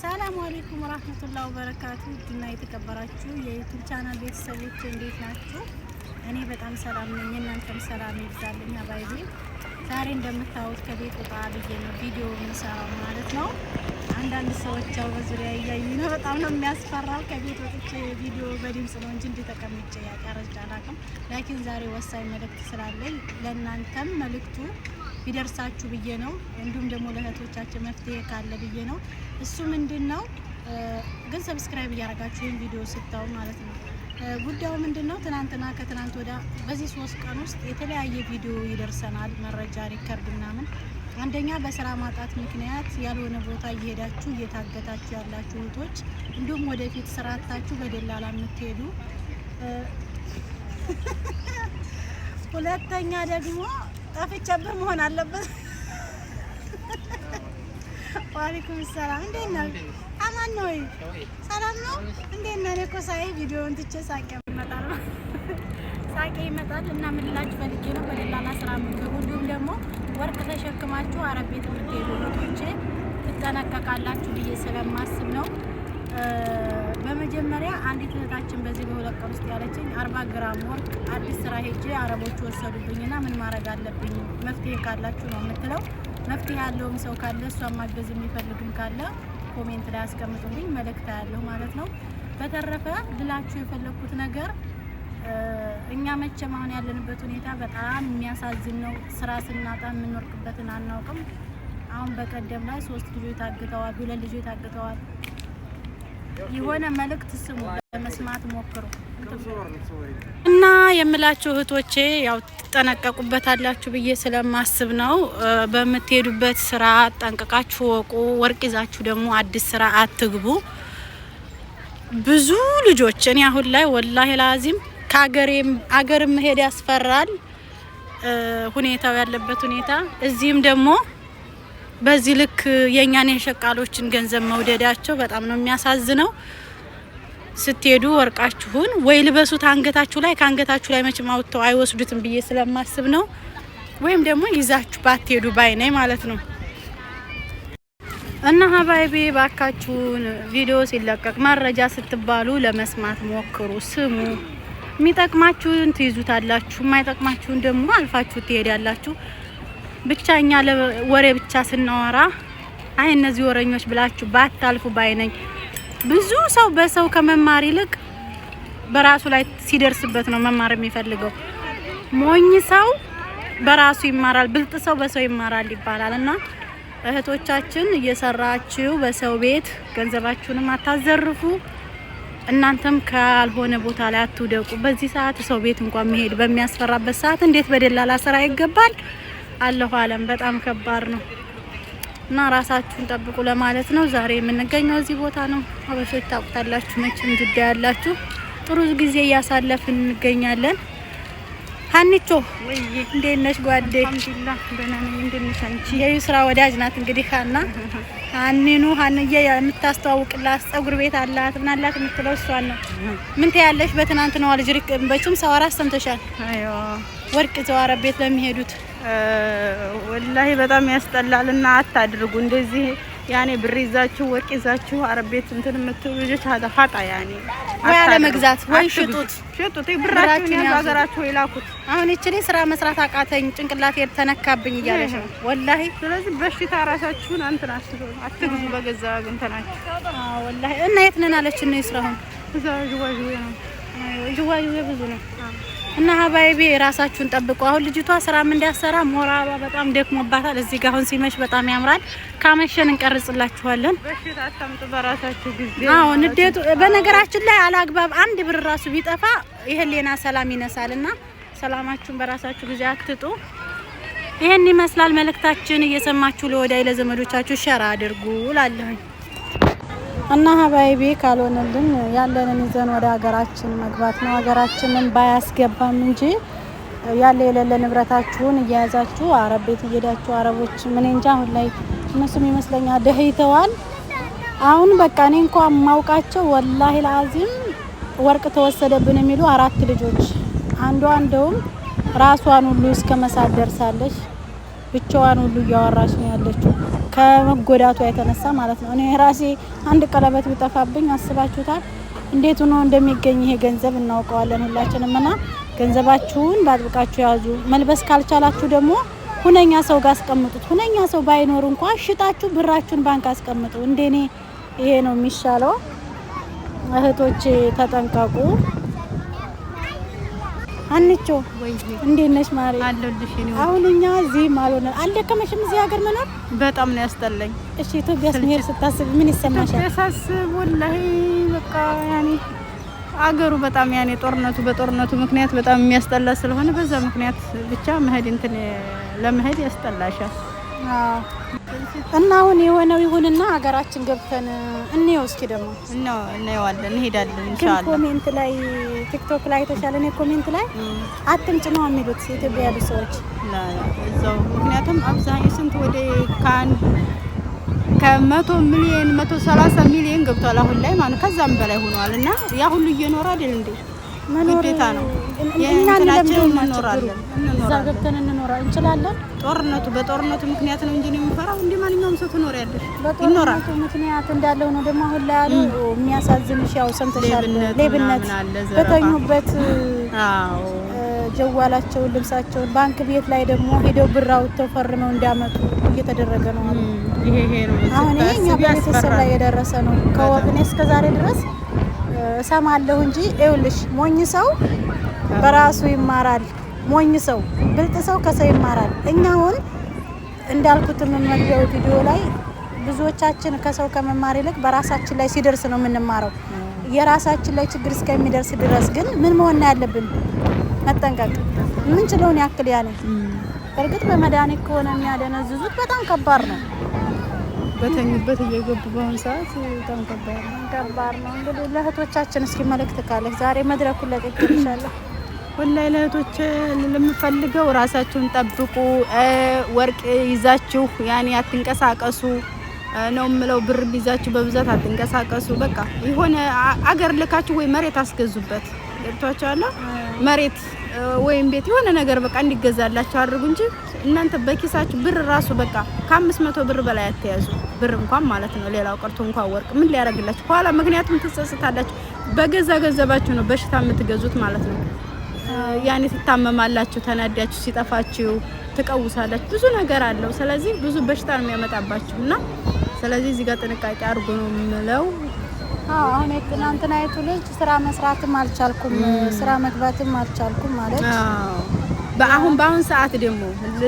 ሰላም አለይኩም ወራህመቱላሂ ወበረካቱ። ውድና የተከበራችሁ የዩቲዩብ ቻናል ቤተሰቦች እንዴት ናችሁ? እኔ በጣም ሰላም ነኝ፣ እናንተም ሰላም ይብዛልኝ። አባይዜ ዛሬ እንደምታዩት ከቤት ወጣ ብዬ ነው ቪዲዮ የምሰራው ማለት ነው። አንዳንድ ሰዎች ያው በዙሪያ እያዩ ነው። በጣም ነው የሚያስፈራው። ከቤት ወጥቼ ቪዲዮ በድምጽ ነው እንጂ እንዲተቀምጬ ያቀረጭ አላቅም። ላኪን ዛሬ ወሳኝ መልእክት ስላለኝ ለእናንተም መልእክቱ ቢደርሳችሁ ብዬ ነው። እንዲሁም ደግሞ ለእህቶቻችን መፍትሄ ካለ ብዬ ነው። እሱ ምንድን ነው ግን ሰብስክራይብ እያደረጋችሁ ይህን ቪዲዮ ስታዩ ማለት ነው። ጉዳዩ ምንድን ነው? ትናንትና ከትናንት ወዳ በዚህ ሶስት ቀን ውስጥ የተለያየ ቪዲዮ ይደርሰናል፣ መረጃ ሪከርድ ምናምን። አንደኛ በስራ ማጣት ምክንያት ያልሆነ ቦታ እየሄዳችሁ እየታገታችሁ ያላችሁ እህቶች፣ እንዲሁም ወደፊት ስራ በደላላ የምትሄዱ ሁለተኛ ደግሞ ጠፍቼብህ መሆን አለበት። ዋሌኩም ሰላም፣ እንዴት ነው? አማን ነው ወይ? ሰላም ነው? እንዴት ነው? እኔ እኮ ሳይ ቪዲዮውን ትቼ ሳቄ ይመጣል ነው ሳቄ ይመጣል። እና ምን እላችሁ ፈልጌ ነው በሌላና ስራ የምትገቡ እንዲሁም ደግሞ ወርቅ ተሸክማችሁ አረብ ቤት የምትሄዱ እህቶቼ ትጠነቀቃላችሁ ብዬ ስለማስብ ነው። በመጀመሪያ አንዲት እህታችን በዚህ በሁለት ቀን ውስጥ ያለችኝ አርባ ግራም ወርቅ አዲስ ስራ ሄጄ አረቦች ወሰዱብኝና ምን ማድረግ አለብኝ መፍትሄ ካላችሁ ነው የምትለው። መፍትሄ ያለውም ሰው ካለ እሷ ማገዝ የሚፈልግም ካለ ኮሜንት ላይ አስቀምጡልኝ፣ መልእክት ያለሁ ማለት ነው። በተረፈ ልላችሁ የፈለግኩት ነገር እኛ መቼም አሁን ያለንበት ሁኔታ በጣም የሚያሳዝን ነው። ስራ ስናጣ የምንወርቅበትን አናውቅም። አሁን በቀደም ላይ ሶስት ልጆች ታግተዋል፣ ሁለት ልጆች ታግተዋል። የሆነ መልእክት ስሙ ለመስማት ሞክሩ እና የምላችሁ እህቶቼ ያው ትጠነቀቁበታላችሁ ብዬ ስለማስብ ነው። በምትሄዱበት ስራ ጠንቀቃችሁ ወቁ። ወርቅ ይዛችሁ ደግሞ አዲስ ስራ አትግቡ። ብዙ ልጆች እኔ አሁን ላይ ወላሂ ላዚም ከአገሬም አገርም መሄድ ያስፈራል ሁኔታው ያለበት ሁኔታ እዚህም ደግሞ በዚህ ልክ የእኛን የሸቃሎችን ገንዘብ መውደዳቸው በጣም ነው የሚያሳዝነው። ስትሄዱ ወርቃችሁን ወይ ልበሱት አንገታችሁ ላይ ከአንገታችሁ ላይ መቼም አውጥተው አይወስዱትም ብዬ ስለማስብ ነው። ወይም ደግሞ ይዛችሁ ባትሄዱ ባይ ነኝ ማለት ነው። እና ሀባይቤ ባካችሁን ቪዲዮ ሲለቀቅ መረጃ ስትባሉ ለመስማት ሞክሩ፣ ስሙ። የሚጠቅማችሁን ትይዙታላችሁ፣ የማይጠቅማችሁን ደግሞ አልፋችሁ ትሄዳላችሁ። ብቻ እኛ ለወሬ ብቻ ስናወራ አይ እነዚህ ወረኞች ብላችሁ ባታልፉ ባይነኝ። ብዙ ሰው በሰው ከመማር ይልቅ በራሱ ላይ ሲደርስበት ነው መማር የሚፈልገው። ሞኝ ሰው በራሱ ይማራል፣ ብልጥ ሰው በሰው ይማራል ይባላል እና እህቶቻችን እየሰራችሁ በሰው ቤት ገንዘባችሁንም አታዘርፉ። እናንተም ካልሆነ ቦታ ላይ አትውደቁ። በዚህ ሰዓት ሰው ቤት እንኳን መሄድ በሚያስፈራበት ሰዓት እንዴት በደላላ ስራ ይገባል? አለሁ አለም በጣም ከባድ ነው እና ራሳችሁን ጠብቁ ለማለት ነው። ዛሬ የምንገኘው እዚህ ቦታ ነው። አበሾች ታውቁታላችሁ መቼም ጉዳይ ያላችሁ ጥሩ ጊዜ እያሳለፍን እንገኛለን። ሀኒቾ እንዴት ነሽ ጓዴ? የዩስራ ወዳጅ ናት እንግዲህ ሀና ሀኒኑ ሀንዬ የምታስተዋውቅላት ጸጉር ቤት አላት ምን የምትለው እሷን ነው። ምን ትያለሽ? በትናንት ነው አልጅሪክ በችም ሰው አራት ሰምተሻል። ወርቅ ዘዋረ ቤት ለሚሄዱት ወላሂ በጣም ያስጠላል እና አታድርጉ እንደዚህ ያኔ ብር ይዛችሁ ወርቅ ይዛችሁ አረብ እንትን የምትሉ ልጆች ሀጣፋጣ ያኔ ወይ አለመግዛት ወይ ሽጡት ሽጡት ብራችሁን ያዙ ሀገራችሁ ይላኩት። አሁን እቺኔ ስራ መስራት አቃተኝ ጭንቅላቴ ተነካብኝ እያለሽ ነው ወላሂ። ስለዚህ በሽታ ራሳችሁን አንተን አስቶ አትግዙ በገዛ እንትናችሁ። ወላሂ። እና የት ነን አለች ነው ይስራሁን እዛ ጅዋጅዌ ነው ጅዋጅዌ ብዙ ነው እና ሀባይቤ ራሳችሁን ጠብቁ። አሁን ልጅቷ ስራም እንዳሰራ ሞራሏ በጣም ደክሞባታል። እዚህ ጋር አሁን ሲመሽ በጣም ያምራል። ካመሸን እንቀርጽላችኋለን። አዎ ንዴቱ በነገራችን ላይ አላግባብ አንድ ብር ራሱ ቢጠፋ ሌና ሰላም ይነሳል። እና ሰላማችሁን በራሳችሁ ጊዜ አትጡ። ይህን ይመስላል መልእክታችን። እየሰማችሁ ለወዳይ ለዘመዶቻችሁ ሸራ አድርጉ ላለሁኝ እና ሀባይቤ ካልሆነልን ያለንን ይዘን ወደ ሀገራችን መግባት ነው። ሀገራችንን ባያስገባም እንጂ ያለ የሌለ ንብረታችሁን እያያዛችሁ አረብ ቤት እየሄዳችሁ አረቦች ምን እንጃ አሁን ላይ እነሱም ይመስለኛል ደህይተዋል። አሁን በቃ እኔ እንኳ ማውቃቸው ወላሂ ለአዚም ወርቅ ተወሰደብን የሚሉ አራት ልጆች አንዷ እንደውም ራሷን ሁሉ እስከ መሳት ደርሳለች። ብቻዋን ሁሉ እያወራች ነው ያለችው ከመጎዳቷ የተነሳ ማለት ነው። እኔ ራሴ አንድ ቀለበት ቢጠፋብኝ አስባችሁታል? እንዴት ሆኖ እንደሚገኝ ይሄ ገንዘብ እናውቀዋለን ሁላችንም። እና ገንዘባችሁን በአጥብቃችሁ ያዙ። መልበስ ካልቻላችሁ ደግሞ ሁነኛ ሰው ጋር አስቀምጡት። ሁነኛ ሰው ባይኖር እንኳ ሽጣችሁ ብራችሁን ባንክ አስቀምጡ። እንደኔ ይሄ ነው የሚሻለው። እህቶች ተጠንቀቁ። አንቾ እንዴት ነሽ ማሪ? አለሁልሽ። አሁን እኛ እዚህ ማልሆነ አልደከመሽም? እዚህ ሀገር መኖር በጣም ነው ያስጠላኝ። እሺ፣ ኢትዮጵያ ስሄድ ስታስብ ምን ይሰማሻል? ሳስብ ወላሂ በቃ ያኔ አገሩ በጣም ያኔ ጦርነቱ በጦርነቱ ምክንያት በጣም የሚያስጠላ ስለሆነ በዛ ምክንያት ብቻ መሄድ እንትን ለመሄድ ያስጠላሻል። አዎ እና አሁን የሆነው ይሁንና ሀገራችን ገብተን እንየው እስኪ ደግሞ ነው እናየዋለን፣ እንሄዳለን ኢንሻአላ ኮሜንት ላይ ቲክቶክ ላይ ተሻለ ነው ኮሜንት ላይ አትምጭ ነው የሚሉት ኢትዮጵያ ያሉ ሰዎች እዛው። ምክንያቱም አብዛኛው ስንት ወደ ከአንድ ከመቶ ሚሊዮን መቶ ሰላሳ ሚሊዮን ገብቷል አሁን ላይ ማለት ከዛም በላይ ሆኗል። እና ያ ሁሉ እየኖረ አይደል እንዴ ግዴታ ነው። የእንትናችን እንኖራለን እዛ ገብተን እንኖራ እንችላለን። ጦርነቱ በጦርነቱ ምክንያት ነው እንጂ የሚፈራው እንደ ማንኛውም ሰው ትኖሪያለሽ። በጦርነቱ ምክንያት እንዳለው ነው ደግሞ አሁን ላይ ያሉ የሚያሳዝንሽ፣ ያው ሰምተሻል፣ ሌብነት በተኙበት ጀዋላቸውን ልብሳቸውን ባንክ ቤት ላይ ደግሞ ሄደው ብር አውጥተው ፈርመው እንዳመጡ እየተደረገ ነው። አሁን ይሄ እኛ በቤተሰብ ላይ የደረሰ ነው። እስከ ዛሬ ድረስ እሰማለሁ እንጂ ይኸውልሽ፣ ሞኝ ሰው በራሱ ይማራል። ሞኝ ሰው ብልጥ ሰው ከሰው ይማራል። እኛ አሁን እንዳልኩት የምንመግቢያው ቪዲዮ ላይ ብዙዎቻችን ከሰው ከመማር ይልቅ በራሳችን ላይ ሲደርስ ነው የምንማረው። የራሳችን ላይ ችግር እስከሚደርስ ድረስ ግን ምን መሆን ያለብን መጠንቀቅ፣ የምንችለውን ያክል ያለ እርግጥ በመድኃኒት ከሆነ የሚያደነዝዙት በጣም ከባድ ነው። በተኙበት እየገቡ በአሁኑ ሰዓት በጣም ከባድ ነው፣ ከባድ ነው። እንግዲህ ለእህቶቻችን እስኪ መልእክት ካለች ዛሬ መድረኩን ለቅቄልሻለሁ። ወላሂ ለእህቶች ለምፈልገው ራሳችሁን ጠብቁ፣ ወርቅ ይዛችሁ ያኔ አትንቀሳቀሱ ነው የምለው። ብር ይዛችሁ በብዛት አትንቀሳቀሱ። በቃ የሆነ አገር ልካችሁ ወይ መሬት አስገዙበት። ገብቷቸዋለሁ መሬት ወይም ቤት የሆነ ነገር በቃ እንዲገዛላቸው አድርጉ እንጂ እናንተ በኪሳችሁ ብር ራሱ በቃ ከአምስት መቶ ብር በላይ አትያዙ። ብር እንኳን ማለት ነው። ሌላው ቀርቶ እንኳን ወርቅ ምን ሊያደርግላችሁ ከኋላ፣ ምክንያቱም ትጸጽታላችሁ። በገዛ ገንዘባችሁ ነው በሽታ የምትገዙት ማለት ነው። ያኔ ትታመማላችሁ፣ ተናዳችሁ፣ ሲጠፋችሁ ትቀውሳላችሁ። ብዙ ነገር አለው። ስለዚህ ብዙ በሽታ ነው የሚያመጣባችሁ እና ስለዚህ እዚህ ጋር ጥንቃቄ አድርጎ ነው የምለው። አሁን ትናንትና የቱ ልጅ ስራ መስራትም አልቻልኩም፣ ስራ መግባትም አልቻልኩም ማለት በአሁን በአሁን ሰዓት ደግሞ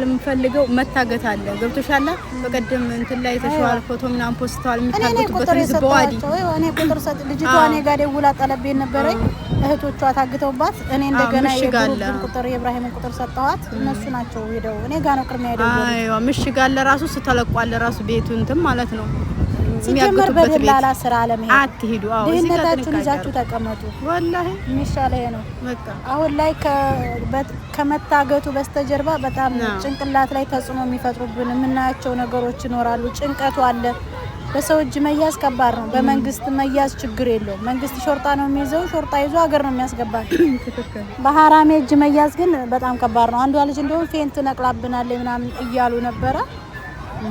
ልምፈልገው መታገት አለ። ገብቶሻል። በቀደም እንትን ላይ ተሸዋል ፎቶ ምናምን ፖስተዋል የሚታገቱበት ልጅ በዋዲ እኔ ቁጥር ሰጥ ልጅቷ እኔ ጋር ደውላ ጠለቤ ነበረኝ። እህቶቿ ታግተውባት እኔ እንደገና የግሩፕን ቁጥር የኢብራሂምን ቁጥር ሰጠዋት። እነሱ ናቸው ሄደው እኔ ጋር ነው ቅድሚያ ሄደው ምሽጋለ ራሱ ስተለቋለ ራሱ ቤቱ እንትን ማለት ነው ሲጀመር በደላላ ስራ አለመሄድ አትሄዱ። አዎ ድህነታችሁን ይዛችሁ ተቀመጡ። ወላሂ የሚሻል ይሄ ነው። አሁን ላይ ከመታገቱ በስተጀርባ በጣም ጭንቅላት ላይ ተጽዕኖ የሚፈጥሩብን የምናያቸው ነገሮች ይኖራሉ። ጭንቀቱ አለ። በሰው እጅ መያዝ ከባድ ነው። በመንግስት መያዝ ችግር የለውም። መንግስት ሾርጣ ነው የሚይዘው፣ ሾርጣ ይዞ ሀገር ነው የሚያስገባ። በሀራሜ እጅ መያዝ ግን በጣም ከባድ ነው። አንዷ ልጅ እንደውም ፌንት ነቅላብናለች ምናምን እያሉ ነበረ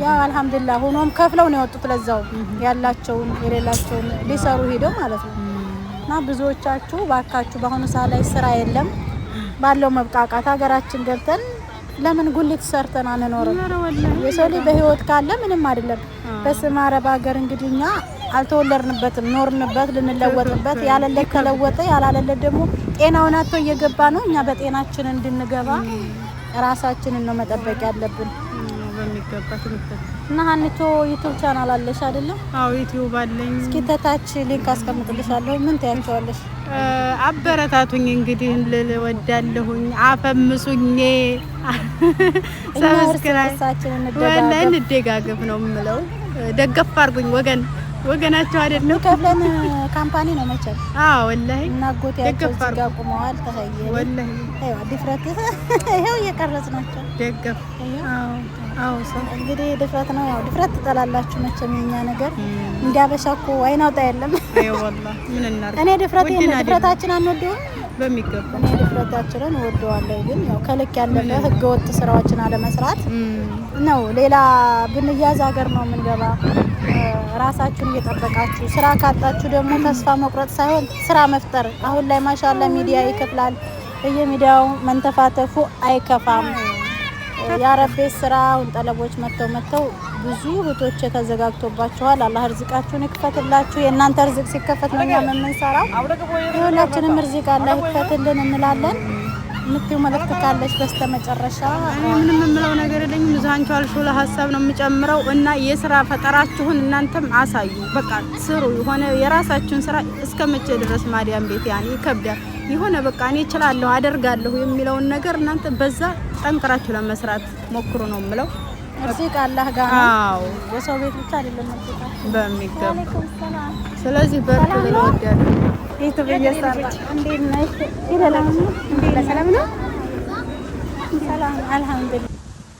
ያው አልሐምዱሊላህ ሆኖም ከፍለው ነው የወጡት። ለዛው ያላቸውን የሌላቸውን ሊሰሩ ሄደው ማለት ነው። እና ብዙዎቻችሁ ባካችሁ በአሁኑ ሰዓት ላይ ስራ የለም ባለው መብቃቃት ሀገራችን ገብተን ለምን ጉሊት ሰርተን አንኖርም? የሰው ልጅ በህይወት ካለ ምንም አይደለም። በስመ አብ ሀገር እንግዲህ እኛ አልተወለድንበትም፣ ኖርንበት፣ ልንለወጥበት ያለለ ከለወጠ ያላለለ ደግሞ ጤናውን አቶ እየገባ ነው። እኛ በጤናችን እንድንገባ ራሳችንን ነው መጠበቅ ያለብን። በሚገባ ትምህርት እና ሀንቾ ዩቱብ ቻናል አለሽ አይደለም? አዎ ዩቲዩብ አለኝ። እስኪ ተታች ሊንክ አስቀምጥልሻለሁ። ምን ትያቸዋለሽ? አበረታቱኝ እንግዲህ ልል ወዳለሁኝ፣ አፈምሱኝ፣ ሰብስክራይብ እንደጋገፍ ነው የምለው። ደገፍ አድርጉኝ ወገን ወገናቸው አይደለም የሚከፍለን ካምፓኒ ነው መቼም። አዎ ወላሂ እና ጎቴያቸው እዚጋ ቁመዋል። ተኸየ ወላሂ ይኸው ድፍረት ይኸው እየቀረጽ ናቸው ደገፍ አዎ አዎ እንግዲህ ድፍረት ነው። ያው ድፍረት ትጠላላችሁ መቼም የኛ ነገር እንዲያበሻ እኮ አይን አውጣ የለም። እኔ ድፍረት ድፍረታችን አንወደውም በሚገባ እኔ ድፍረታችንን እወደዋለሁ። ግን ያው ከልክ ያለፈ ህገወጥ ስራዎችን አለመስራት ነው። ሌላ ብንያዝ ሀገር ነው የምንገባ። ራሳችሁን እየጠበቃችሁ ስራ ካጣችሁ ደግሞ ተስፋ መቁረጥ ሳይሆን ስራ መፍጠር። አሁን ላይ ማሻላ ሚዲያ ይከፍላል። በየሚዲያው መንተፋተፉ አይከፋም። የአረፌት ስራውን ጠለቦች መጥተው መጥተው ብዙ እህቶች ተዘጋግቶባችኋል። አላህ እርዝቃችሁን ይክፈትላችሁ። የእናንተ እርዝቅ ሲከፈት ነው እኛ የምንሰራው። የሁላችንም እርዝቅ አላህ ይክፈትልን እንላለን። የምትይው መልዕክት ካለች በስተመጨረሻ እኔ ምንም የምለው ነገር የለኝም። ዛንቹ አልሾ ለሀሳብ ነው የምጨምረው እና የስራ ፈጠራችሁን እናንተም አሳዩ። በቃ ስሩ፣ የሆነ የራሳችሁን ስራ እስከ መቼ ድረስ ማዲያም ቤት ያን ይከብዳል። የሆነ በቃ እኔ እችላለሁ አደርጋለሁ የሚለውን ነገር እናንተ በዛ ጠንክራችሁ ለመስራት ሞክሩ ነው የምለው። እርሲ አላህ ጋር ነው የሰው ቤት ብቻ አይደለም። በሚገባ ስለዚህ በርቱ ብለው ወዲያለሁ ሰላም ነው።